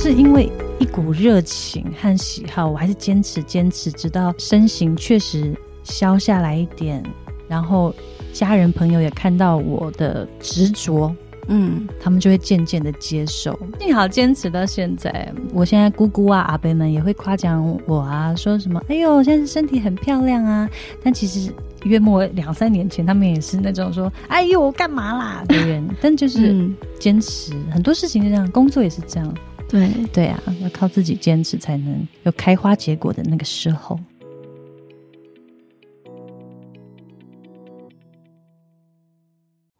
是因為一股熱情和喜好，我還是堅持堅持，直到身形確實消下來一點，然後家人朋友也看到我的執着，嗯，他們就會漸漸的接受。幸好堅持到現在，我現在姑姑啊、阿伯們也會誇獎我啊，說什麼“哎呦，現在身體很漂亮啊！”但其實約莫兩三年前，他們也是那種說“哎呦，我幹嘛啦”的人。 但就是堅持，嗯、很多事情就這樣，工作也是這樣。對對啊，要靠自己堅持才能有開花結果的那個時候。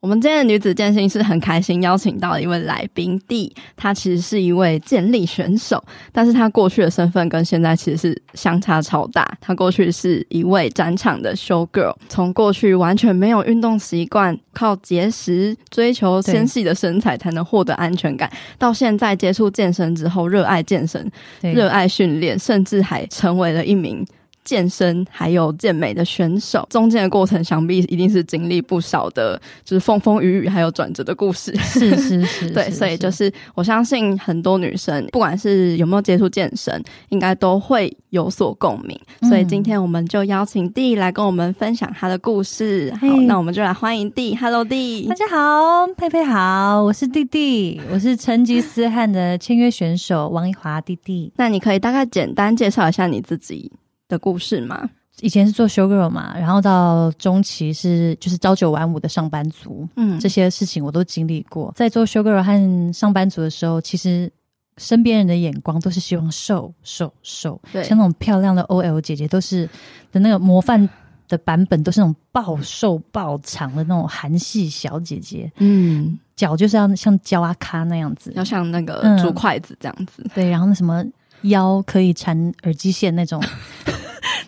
我們今天的女子健心室，是很開心，邀請到了一位來賓 Dee，她其實是一位健力選手，但是她過去的身份跟現在其實是相差超大。她過去是一位展場的 show girl，從過去完全沒有運動習慣，靠節食追求纖細的身材才能獲得安全感，對到現在接觸健身之後，熱愛健身，熱對愛訓練，甚至還成為了一名。健身還有健美的選手，中間的過程想必一定是經歷不少的，就是風風雨雨還有轉折的故事。是是是， 對，是是是，所以就是我相信很多女生，不管是有沒有接觸健身，應該都會有所共鳴。嗯、所以今天我們就邀請 Dee 來跟我們分享她的故事。嗯、好，那我們就來歡迎 Dee。Hello，Dee，大家好，佩佩好，我是弟弟，我是成吉思汗的簽約選手王一華弟弟。 那你可以大概簡單介紹一下你自己？的故事嘛，以前是做 Showgirl 嘛，然後到中期是就是朝九晚五的上班族，嗯，這些事情我都經歷過。在做 Showgirl 和上班族的時候，其實身邊人的眼光都是希望瘦瘦瘦，瘦對，像那種漂亮的 OL 姐姐都是的那個模範的版本，都是那種暴瘦暴長的那種韓系小姐姐，嗯，腳就是要像膠阿卡那樣子，要像那個竹筷子這樣子，嗯，對，然後那什麼腰可以纏耳機線那種。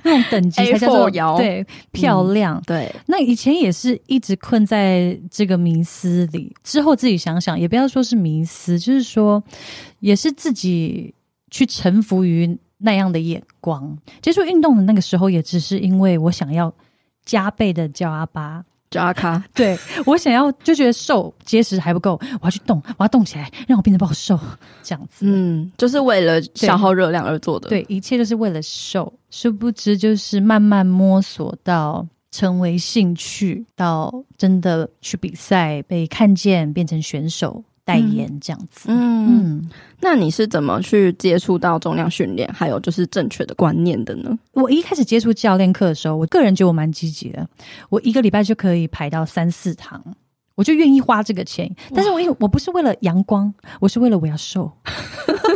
那種等級才叫做 for 對漂亮、嗯、對。那以前也是一直困在這個迷思裡，之後自己想想，也不要說是迷思，就是說也是自己去臣服於那樣的眼光。接觸運動的那個時候，也只是因為我想要加倍的叫阿巴。就阿卡 對，對我想要就覺得瘦結實還不夠，我要去動，我要動起來，讓我變得暴好瘦，這樣子，嗯，就是為了消耗熱量而做的，對，對，一切都是為了瘦，殊不知就是慢慢摸索到成為興趣，到真的去比賽，被看見，變成選手。代言這樣子，嗯，嗯嗯，那你是怎麼去接觸到重量訓練，還有就是正確的觀念的呢？我一開始接觸教練課的時候，我個人覺得我蠻積極的，我一個禮拜就可以排到三四堂，我就願意花這個錢。但是我一，我不是為了陽光，我是為了我要瘦。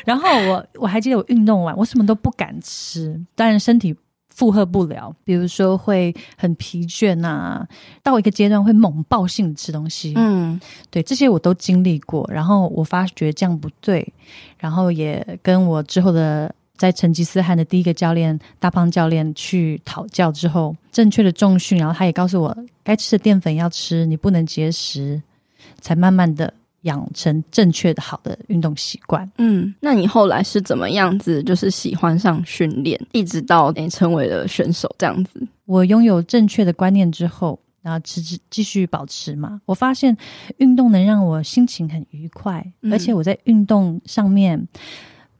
然後我我還記得我運動完，我什麼都不敢吃，但是身體。負荷不了，比如說會很疲倦啊，到一個階段會猛暴性的吃東西。嗯，對，這些我都經歷過，然後我發覺這樣不對，然後也跟我之後的在成吉思汗的第一個教練大胖教練去討教之後，正確的重訓，然後他也告訴我該吃的澱粉要吃，你不能節食，才慢慢的。養成正確的好的運動習慣。嗯，那你後來是怎麼樣子？就是喜歡上訓練，一直到你成為了選手這樣子。我擁有正確的觀念之後，然後持持繼續保持嘛。我發現運動能讓我心情很愉快，而且我在運動上面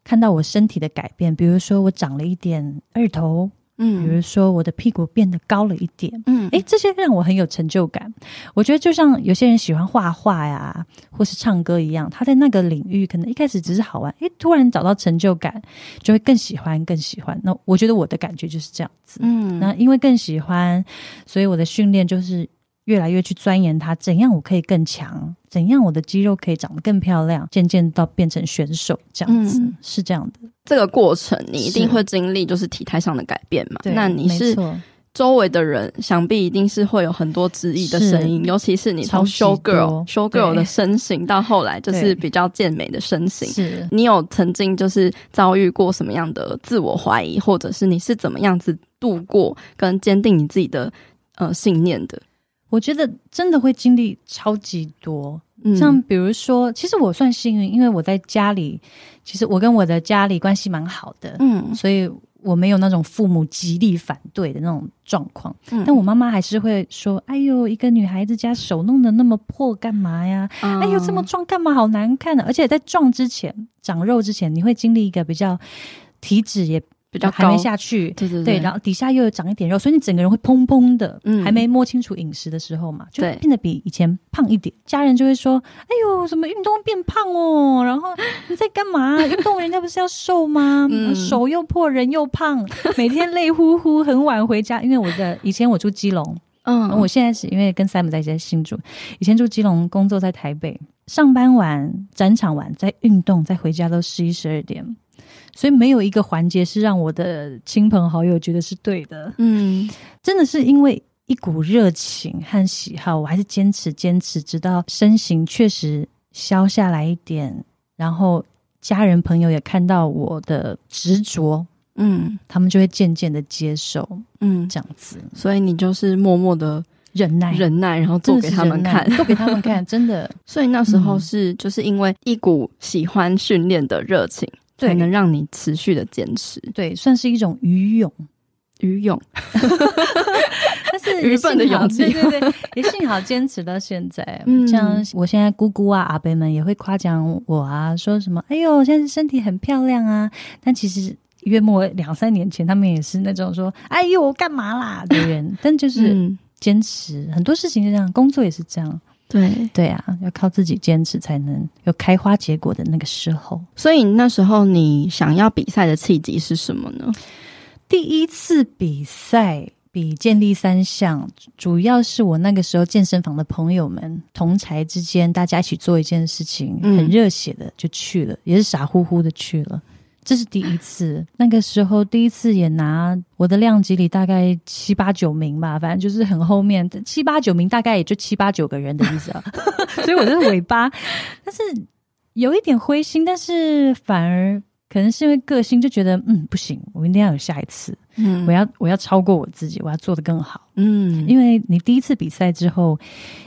看到我身體的改變，嗯、比如說我長了一點二頭。嗯，比如說我的屁股變得高了一點，嗯，誒，這些讓我很有成就感。我覺得就像有些人喜歡畫畫呀、啊，或是唱歌一樣，他在那個領域可能一開始只是好玩，誒，突然找到成就感，就會更喜歡，更喜歡。那我覺得我的感覺就是這樣子，嗯，那因為更喜歡，所以我的訓練就是。越來越去鑽研它，怎樣我可以更強？怎樣我的肌肉可以長得更漂亮？漸漸到變成選手這樣子，嗯、是這樣的。這個過程你一定會經歷，就是體態上的改變嘛？那你是周圍的人，錯想必一定是會有很多質疑的聲音，是尤其是你從修 grow i 修 g r l 的身形到後來就是比較健美的身形，對是你有曾經就是遭遇過什麼樣的自我懷疑，或者是你是怎麼樣子度過跟堅定你自己的呃信念的？我覺得真的會經歷超級多，像比如說，嗯、其實我算幸運，因為我在家裡，其實我跟我的家裡關係蠻好的，嗯，所以我沒有那種父母極力反對的那種狀況。嗯、但我媽媽還是會說：“哎呦，一個女孩子家手弄得那麼破幹嘛呀？嗯、哎呦，這麼壯幹嘛？好難看的、啊。而且在壯之前、長肉之前，你會經歷一個比較體脂也。比較高還沒下去，對對對，對，然後底下又長一點肉，所以你整個人會砰砰的，嗯，還沒摸清楚飲食的時候嘛，就變得比以前胖一點。對家人就會說：“哎呦，怎麼運動變胖哦？”然後你在幹嘛？運 動人家不是要瘦嗎？ 嗯、手又破，人又胖，每天累呼呼，很晚回家。 因為我的以前我住基隆，嗯，我現在是因為跟 Simon 在一起新住，以前住基隆，工作在台北，上班晚，展場晚，在運動，在回家都十一十二點。所以沒有一個環節是讓我的親朋好友覺得是對的，嗯，真的是因為一股熱情和喜好，我還是堅持堅持，直到身形確實消下來一點，然後家人朋友也看到我的執着，嗯，他們就會漸漸的接受，嗯，這樣子。所以你就是默默的忍耐，忍耐，然後做給他們看， 做給他們看，真的。所以那時候是，嗯，就是因為一股喜歡訓練的熱情。才能讓你持續的堅持，對，對算是一種愚勇，愚魚勇， 但是愚笨的勇氣，對對對，也幸好堅持到現在。嗯，像我現在姑姑啊、阿伯們也會誇獎我啊，說什麼“哎呦，現在身體很漂亮啊”，但其實約莫兩三年前，他們也是那種說“哎呦，幹嘛啦”的人。但就是堅持、嗯、很多事情就這樣，工作也是這樣。對對啊，要靠自己堅持才能有開花結果的那個時候。所以那時候你想要比賽的契機是什麼呢？第一次比賽比健力三項，主要是我那個時候健身房的朋友們同儕之間，大家一起做一件事情，很熱血的就去了，嗯、也是傻乎乎的去了。這是第一次，那個時候第一次也拿我的量級裡大概七八九名吧，反正就是很後面，七八九名大概也就七八九個人的意思啊。 所以我是尾巴，但是有一點灰心，但是反而。可能是因為個性就覺得，嗯，不行，我一定要有下一次，嗯，我要我要超過我自己，我要做得更好，嗯，因為你第一次比賽之後，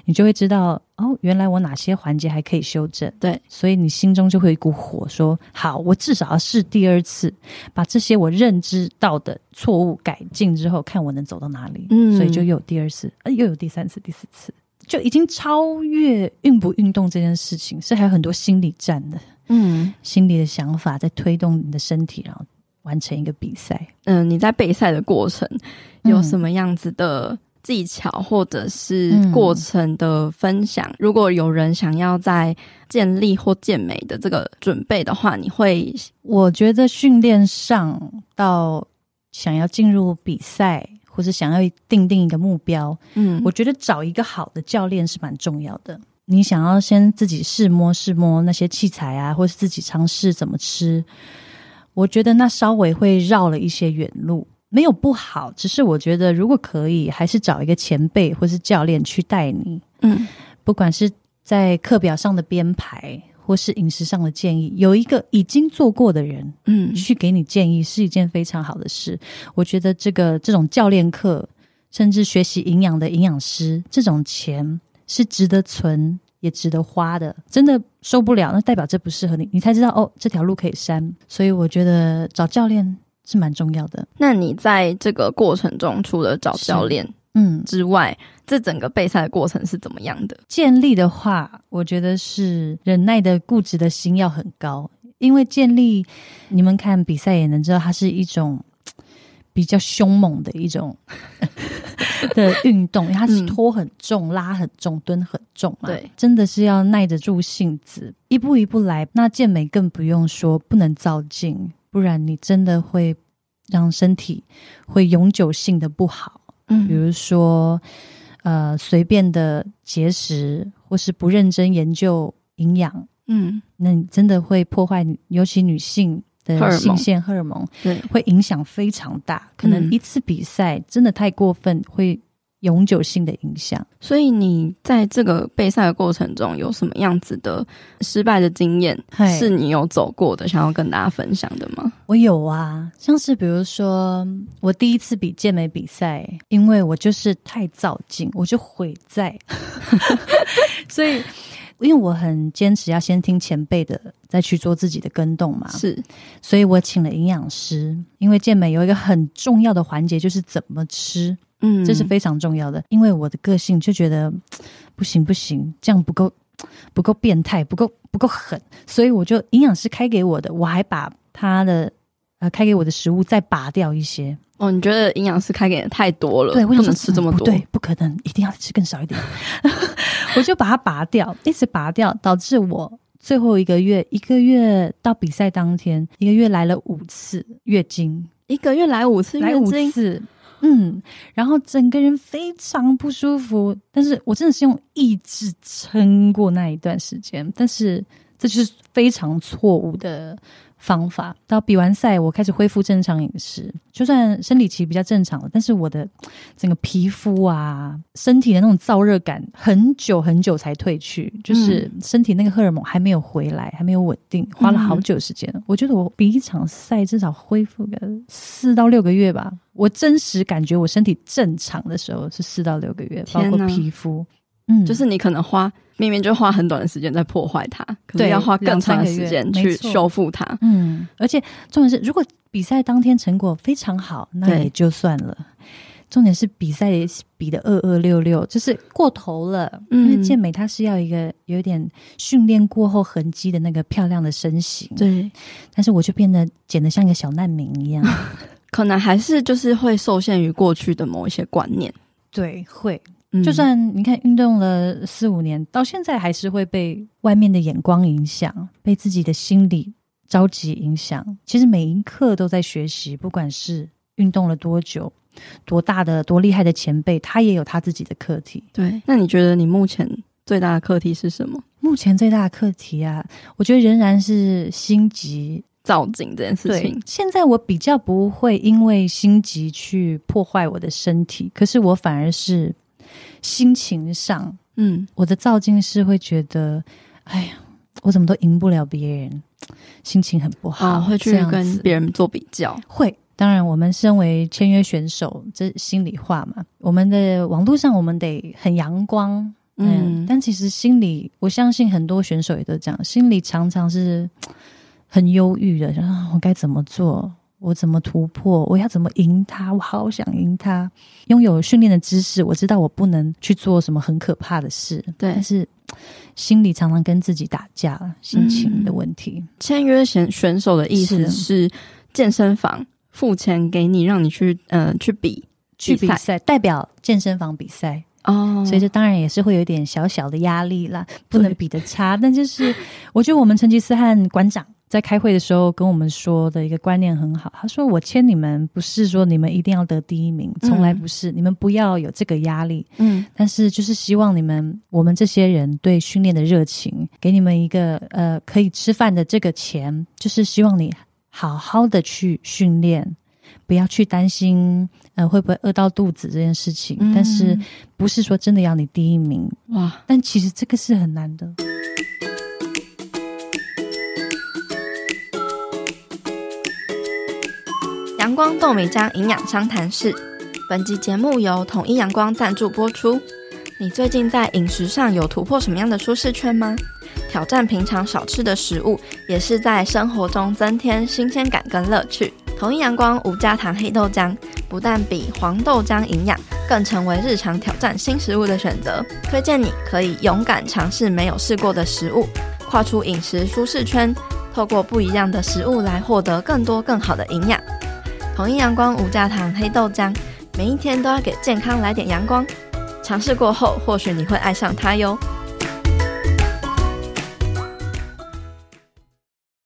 你就會知道，哦，原來我哪些環節還可以修正，對，所以你心中就會有一股火說，說好，我至少要試第二次，把這些我認知到的錯誤改進之後，看我能走到哪裡，嗯，所以就又有第二次，呃，又有第三次、第四次，就已經超越運不運動這件事情，是還有很多心理戰的。嗯，心理的想法在推動你的身體，然後完成一個比賽。嗯，你在備賽的過程有什麼樣子的技巧或者是過程的分享？嗯、如果有人想要在健力或健美的這個準備的話，你會我覺得訓練上到想要進入比賽或是想要訂定一個目標，嗯，我覺得找一個好的教練是蠻重要的。你想要先自己試摸試摸那些器材啊，或是自己嘗試怎麼吃？我覺得那稍微會繞了一些遠路，沒有不好。只是我覺得，如果可以，還是找一個前輩或是教練去帶你。嗯，不管是在課表上的編排，或是飲食上的建議，有一個已經做過的人，嗯，去給你建議是一件非常好的事。嗯，我覺得這個這種教練課，甚至學習營養的營養師，這種錢。是值得存也值得花的，真的受不了，那代表這不適合你，你才知道哦，這條路可以刪。所以我覺得找教練是蠻重要的。那你在這個過程中，除了找教練，嗯之外，嗯、這整個備賽的過程是怎麼樣的？健力的話，我覺得是忍耐的、固執的心要很高，因為健力，你們看比賽也能知道，它是一種比較兇猛的一種。 的運動，它是拖很重、嗯、拉很重、蹲很重嘛，啊？對真的是要耐得住性子，一步一步來。那健美更不用說，不能躁進，不然你真的會讓身體會永久性的不好。嗯，比如說，呃，隨便的節食或是不認真研究營養，嗯，那你真的會破壞，尤其女性。的性腺荷爾蒙，爾對，會影響非常大。可能一次比賽真的太過分，會永久性的影響。嗯、所以你在這個備賽的過程中，有什麼樣子的失敗的經驗是你有走過的，對 想要跟大家分享的嗎？我有啊，像是比如說，我第一次比健美比賽，因為我就是太躁進，我就毀在。 所以，因為我很堅持要先聽前輩的。再去做自己的更動嘛，是，所以我請了營養師，因為健美有一個很重要的環節就是怎麼吃，嗯，這是非常重要的。因為我的個性就覺得不行不行，這樣不夠不夠變態，不夠不夠狠，所以我就營養師開給我的，我還把他的呃開給我的食物再拔掉一些。哦，你覺得營養師開給的太多了？對，不能吃這麼多，嗯、不對，不可能，一定要吃更少一點， 我就把它拔掉，一直拔掉，導致我。最後一個月，一個月到比賽當天，一個月來了五次月經，一個月來五次月經，來五次。嗯，然後整個人非常不舒服。但是我真的是用意志撐過那一段時間，但是這就是非常錯誤的。方法，到比完賽，我開始恢復正常飲食。就算生理期比較正常了，但是我的整個皮膚啊，身體的那種燥熱感，很久很久才退去，嗯、就是身體那個荷爾蒙還沒有回來，還沒有穩定，花了好久時間。嗯、我覺得我比一場賽至少恢復個四到六個月吧。我真實感覺我身體正常的時候是四到六個月，啊、包括皮膚。嗯、就是你可能花明明就花很短的時間在破壞它，可是 對，要花更長的時間去修復它。嗯，而且重點是，如果比賽當天成果非常好，那也就算了。對重點是比賽比得二二六六，就是過頭了。嗯、因為健美它是要一個有點訓練過後痕跡的那個漂亮的身形。對，但是我就變得減得像一個小難民一樣，可能還是就是會受限於過去的某一些觀念。對，會。就算你看運動了四五年，到現在還是會被外面的眼光影響，被自己的心理着急影響。其實每一刻都在學習，不管是運動了多久，多大的、多厲害的前輩，他也有他自己的課題。對，那你覺得你目前最大的課題是什麼？目前最大的課題啊，我覺得仍然是心急造景這件事情。對，現在我比較不會因為心急去破壞我的身體，可是我反而是。心情上，嗯，我的造境是會覺得，哎呀，我怎麼都贏不了別人，心情很不好，啊、會去跟別人做比較。會，當然，我們身為簽約選手，這、就是、心裡話嘛，我們的網路上我們得很陽光，嗯,嗯，但其實心裡，我相信很多選手也都這樣，心裡常常是很憂鬱的，想說我該怎麼做。我怎麼突破？我要怎麼贏他？我好想贏他。擁有訓練的知識，我知道我不能去做什麼很可怕的事。對，但是心裡常常跟自己打架、啊，心情的問題。嗯、簽約選選手的意思是，是健身房付錢給你，讓你去嗯、呃、去比去比，去比賽，代表健身房比賽哦。所以這當然也是會有點小小的壓力啦，不能比得差。對但就是，我覺得我們成吉思汗館長。在開會的時候跟我們說的一個觀念很好，他說：“我簽你們不是說你們一定要得第一名，嗯、從來不是。你們不要有這個壓力，嗯。但是就是希望你們，我們這些人對訓練的熱情，給你們一個呃可以吃飯的這個錢，就是希望你好好的去訓練，不要去擔心呃會不會餓到肚子這件事情。嗯、但是不是說真的要你第一名哇。但其實這個是很難的。”陽光豆米漿營養商談室，本集節目由統一陽光贊助播出。你最近在飲食上有突破什麼樣的舒適圈嗎？挑戰平常少吃的食物，也是在生活中增添新鮮感跟樂趣。統一陽光無加糖黑豆漿，不但比黃豆漿營養，更成為日常挑戰新食物的選擇。推薦你可以勇敢嘗試沒有試過的食物，跨出飲食舒適圈，透過不一樣的食物來獲得更多更好的營養。統一陽光無蔗糖黑豆漿，每一天都要給健康來點陽光。嘗試過後，或許你會愛上它喲。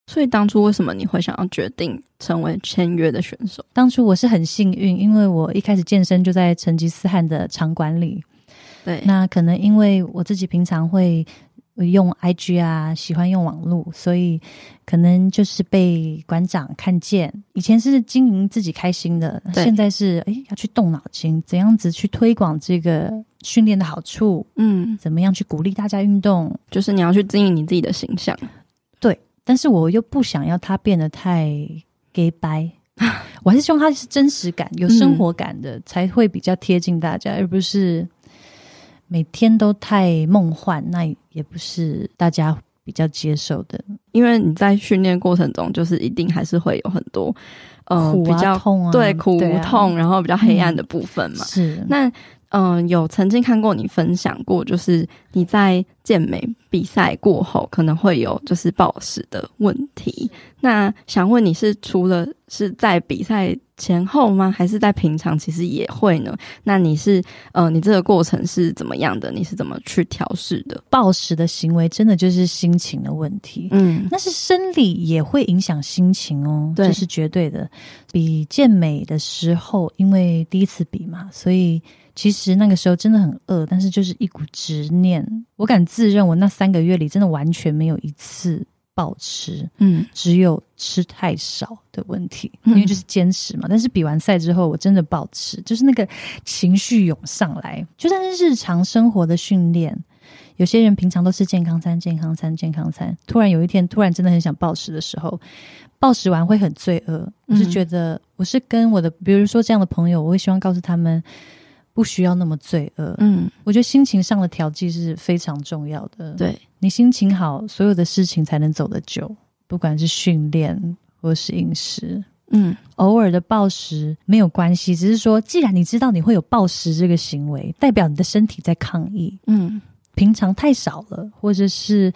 所以當初為什麼你會想要決定成為簽約的選手？當初我是很幸運，因為我一開始健身就在成吉思汗的場館裡。對，那可能因為我自己平常會。用 IG 啊，喜歡用網絡，所以可能就是被館長看見。以前是經營自己開心的，對現在是誒、欸、要去動腦筋，怎樣子去推廣這個訓練的好處？嗯，怎麼樣去鼓勵大家運動？就是你要去經營你自己的形象。對，但是我又不想要他變得太假掰， 我還是希望他是真實感、有生活感的，嗯、才會比較貼近大家，而不是。每天都太夢幻，那也不是大家比較接受的。因為你在訓練過程中，就是一定還是會有很多，嗯、呃苦啊、比較痛、啊、對苦痛，啊、然後比較黑暗的部分嘛。嗯、是那。嗯、呃，有曾經看過你分享過，就是你在健美比賽過後可能會有就是暴食的問題。那想問你是除了是在比賽前後嗎？還是在平常其實也會呢？那你是呃，你這個過程是怎麼樣的？你是怎麼去調試的？暴食的行為真的就是心情的問題。嗯，那是生理也會影響心情哦，這對是絕對的。比健美的時候，因為第一次比嘛，所以。其實那個時候真的很餓，但是就是一股執念。我敢自認，我那三個月裡真的完全沒有一次暴吃，嗯，只有吃太少的問題，嗯，因為就是堅持嘛。但是比完賽之後，我真的暴吃，就是那個情緒湧上來，就算是日常生活的訓練，有些人平常都是健康餐、健康餐、健康餐，突然有一天突然真的很想暴食的時候，暴食完會很罪惡。我是覺得，我是跟我的比如說這樣的朋友，我會希望告訴他們。不需要那麼罪惡。嗯，我覺得心情上的調劑是非常重要的。對。你心情好，所有的事情才能走得久，不管是訓練或是飲食。嗯，偶爾的暴食沒有關係，只是說，既然你知道你會有暴食這個行為，代表你的身體在抗議。嗯，平常太少了，或者是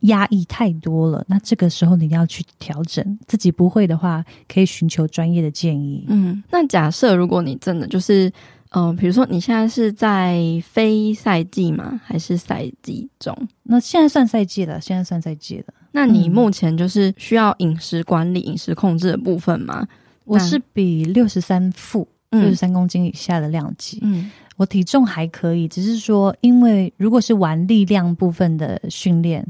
壓抑太多了，那這個時候你要去調整。自己不會的話，可以尋求專業的建議。嗯，那假設如果你真的就是。嗯、呃，比如說你現在是在非賽季嗎？還是賽季中？那現在算賽季了。現在算賽季了，那你目前就是需要飲食管理、嗯、飲食控制的部分嗎？我是比六十三負，六十三公斤以下的量級。嗯，我體重還可以，只是說，因為如果是玩力量部分的訓練，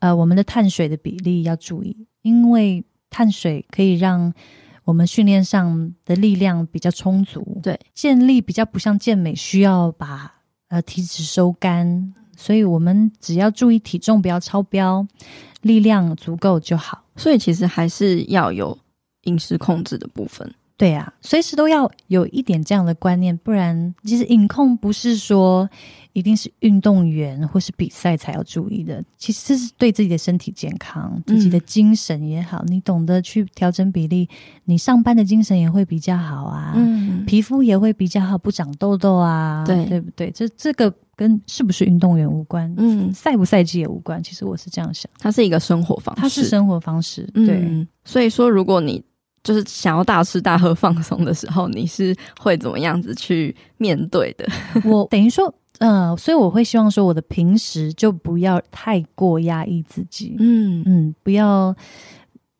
呃，我們的碳水的比例要注意，因為碳水可以讓。我們訓練上的力量比較充足，對，健力比較不像健美需要把呃體脂收乾，所以我們只要注意體重不要超標，力量足夠就好。所以其實還是要有飲食控制的部分。對啊，隨時都要有一點這樣的觀念，不然其實飲控不是說一定是運動員或是比賽才要注意的，其實這是對自己的身體健康、自己的精神也好，嗯、你懂得去調整比例，你上班的精神也會比較好啊，嗯，皮膚也會比較好，不長痘痘啊，對對不對？這這個跟是不是運動員無關，嗯，賽不賽季也無關。其實我是這樣想，它是一個生活方式，它是生活方式，嗯、對。所以說，如果你。就是想要大吃大喝放鬆的時候，你是會怎麼樣子去面對的？ 我等於說，呃，所以我會希望說，我的平時就不要太過壓抑自己，嗯嗯，不要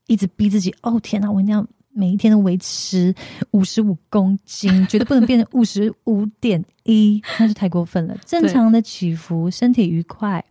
一直逼自己。哦天啊，我一定要每一天都維持五十五公斤， 絕對不能變成五十五點一，那是太過分了。正常的起伏，對身體愉快。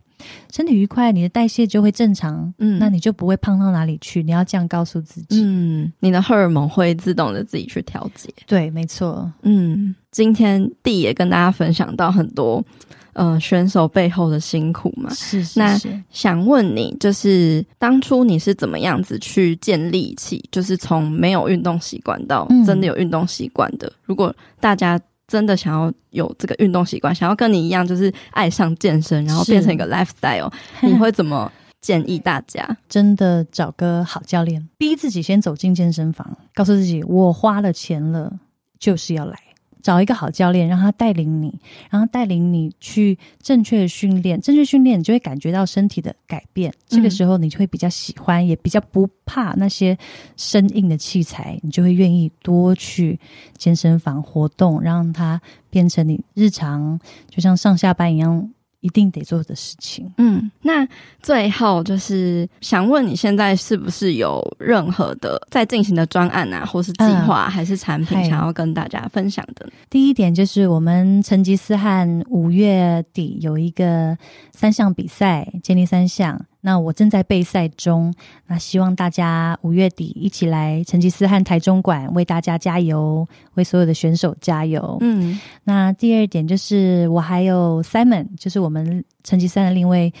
身體愉快，你的代謝就會正常，嗯，那你就不會胖到哪裡去。你要這樣告訴自己，嗯，你的荷爾蒙會自動的自己去調節，對，沒錯，嗯。今天 Dee 也跟大家分享到很多，呃，選手背後的辛苦嘛，是是，那想問你，就是當初你是怎麼樣子去建立起，就是從沒有運動習慣到真的有運動習慣的？嗯、如果大家。真的想要有這個運動習慣，想要跟你一樣，就是愛上健身，然後變成一個 lifestyle，是 你會怎麼建議大家？真的找個好教練，逼自己先走進健身房，告訴自己，我花了錢了，就是要來。找一個好教練，讓他帶領你，然後帶領你去正確的訓練，正確訓練你就會感覺到身體的改變。嗯、這個時候你就會比較喜歡，也比較不怕那些生硬的器材，你就會願意多去健身房活動，讓它變成你日常，就像上下班一樣。一定得做的事情。嗯，那最後就是想問你現在是不是有任何的在進行的專案啊，或是計劃、啊，嗯、還是產品想要跟大家分享的呢？第一點就是我們成吉思汗五月底有一個三項比賽，健力三項。那我正在備賽中，那希望大家五月底一起來成吉思汗台中館為大家加油，為所有的選手加油。嗯，那第二點就是我還有 Simon，就是我們成吉思汗的另一位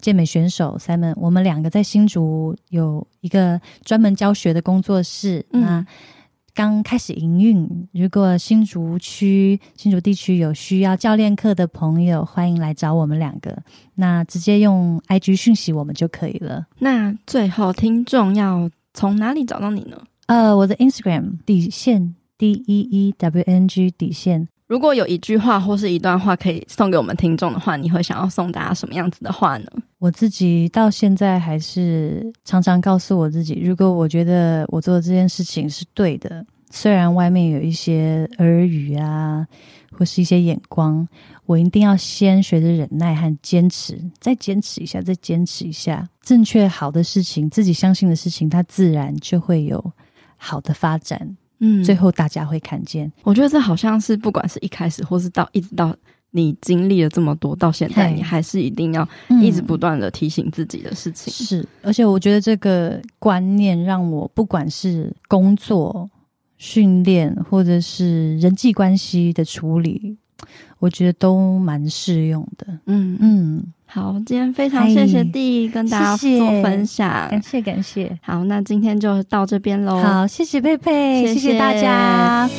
健美選手 Simon，我們兩個在新竹有一個專門教學的工作室。那、嗯。剛開始營運，如果新竹區、新竹地區有需要教練課的朋友，歡迎來找我們兩個。那直接用 IG 訊息我們就可以了。那最後聽，聽眾要從哪裡找到你呢？呃，uh, 我的 Instagram 底線 D E E W A N G 底線。如果有一句話或是一段話可以送給我們聽眾的話，你會想要送給大家什麼樣子的話呢？我自己到現在還是常常告訴我自己，如果我覺得我做的這件事情是對的，雖然外面有一些耳語啊，或是一些眼光，我一定要先學着忍耐和堅持，再堅持一下，再堅持一下。正確好的事情，自己相信的事情，它自然就會有好的發展。嗯，最後大家會看見。我覺得這好像是不管是一開始，或是到一直到。你經歷了這麼多，到現在你還是一定要一直不斷的提醒自己的事情。嗯。是，而且我覺得這個觀念讓我不管是工作、訓練，或者是人際關係的處理，我覺得都蠻適用的。嗯嗯，嗯好，今天非常謝謝 Dee< 嘿>跟大家做分享，感謝，謝感謝。感謝好，那今天就到這邊嘍。好，謝謝佩佩，謝謝，謝謝大家。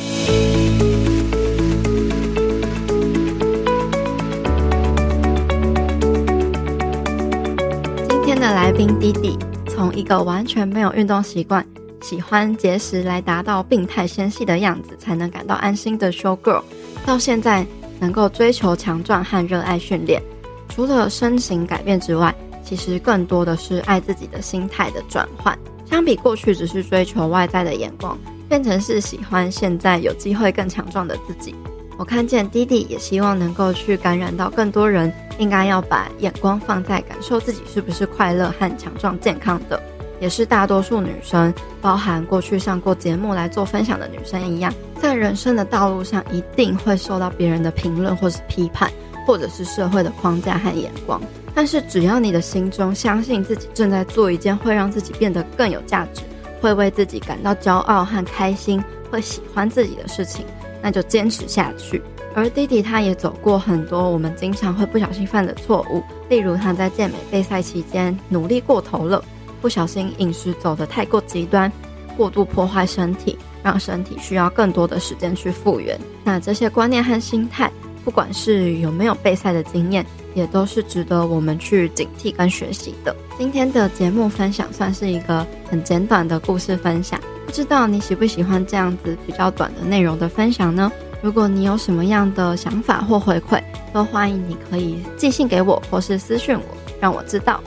的來賓 Dee，從一個完全沒有運動習慣、喜歡節食來達到病態纖細的樣子，才能感到安心的 show girl，到現在能夠追求強壯和熱愛訓練，除了身形改變之外，其實更多的是愛自己的心態的轉換。相比過去只是追求外在的眼光，變成是喜歡現在有機會更強壯的自己。我看見 Dee 也希望能夠去感染到更多人。應該要把眼光放在感受自己是不是快樂和強壯健康的，也是大多數女生，包含過去上過節目來做分享的女生一樣，在人生的道路上一定會受到別人的評論或是批判，或者是社會的框架和眼光。但是只要你的心中相信自己正在做一件會讓自己變得更有價值，會為自己感到驕傲和開心，會喜歡自己的事情，那就堅持下去。而弟弟他也走過很多我們經常會不小心犯的錯誤，例如他在健美備賽期間努力過頭了，不小心飲食走得太過極端，過度破壞身體，讓身體需要更多的時間去復原。那這些觀念和心態，不管是有沒有備賽的經驗，也都是值得我們去警惕跟學習的。今天的節目分享算是一個很簡短的故事分享，不知道你喜不喜歡這樣子比較短的內容的分享呢？如果你有什麼樣的想法或回饋，都歡迎你可以寄信給我或是私訊我，讓我知道。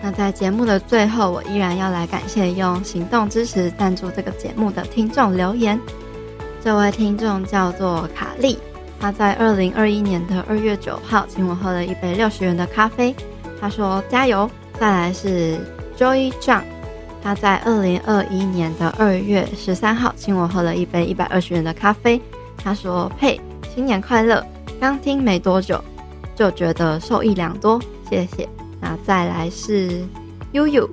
那在節目的最後，我依然要來感謝用行動支持贊助這個節目的聽眾留言。這位聽眾叫做卡利，他在二零二一年的二月九號請我喝了一杯六十元的咖啡。他說加油。再來是 Joy John，他在二零二一年的二月十三號請我喝了一杯一百二十元的咖啡。他說：“嘿，新年快樂！剛聽沒多久，就覺得受益良多，謝謝。那再來是悠悠，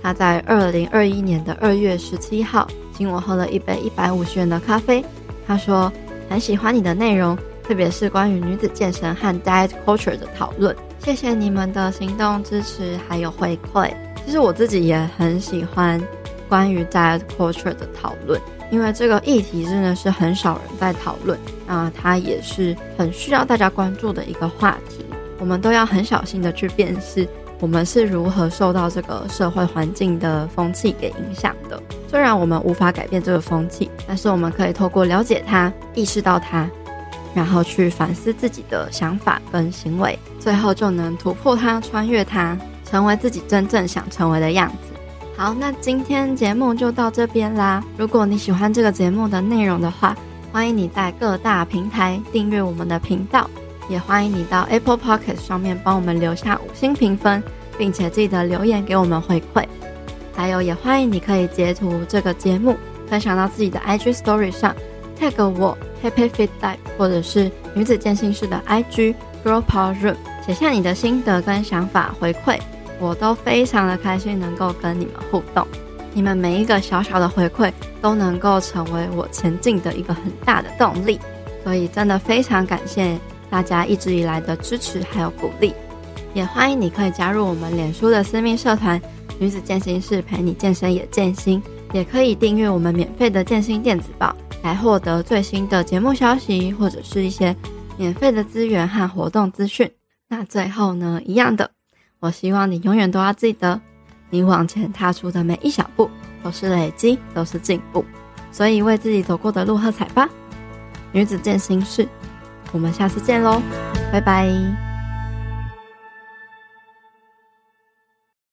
他在二零二一年的二月十七號，請我喝了一杯一百五十元的咖啡。他說很喜歡你的內容，特別是關於女子健身和 diet culture 的討論。謝謝你們的行動支持還有回饋。其實我自己也很喜歡關於 diet culture 的討論。”因為這個議題真的是很少人在討論，那它也是很需要大家關注的一個話題。我們都要很小心的去辨識，我們是如何受到這個社會環境的風氣給影響的。雖然我們無法改變這個風氣，但是我們可以透過了解它、意識到它，然後去反思自己的想法跟行為，最後就能突破它、穿越它，成為自己真正想成為的樣子。好，那今天節目就到這邊啦。如果你喜歡這個節目的內容的話，歡迎你在各大平台訂閱我們的頻道，也歡迎你到 Apple Podcast 上面幫我們留下五星評分，並且記得留言給我們回饋。還有，也歡迎你可以截圖這個節目分享到自己的 IG Story 上，tag 我 peipeifitlife 或者是女子健心室的 IG Girl Power Room，寫下你的心得跟想法回饋。我都非常的開心能夠跟你們互動，你們每一個小小的回饋都能夠成為我前進的一個很大的動力，所以真的非常感謝大家一直以來的支持還有鼓勵，也歡迎你可以加入我們臉書的私密社團“女子健心室”，陪你健身也健心，也可以訂閱我們免費的健心電子報來獲得最新的節目消息或者是一些免費的資源和活動資訊。那最後呢，一樣的。我希望你永遠都要記得，你往前踏出的每一小步都是累積，都是進步，所以為自己走過的路喝彩吧！女子健心室，我們下次見嘍，拜拜。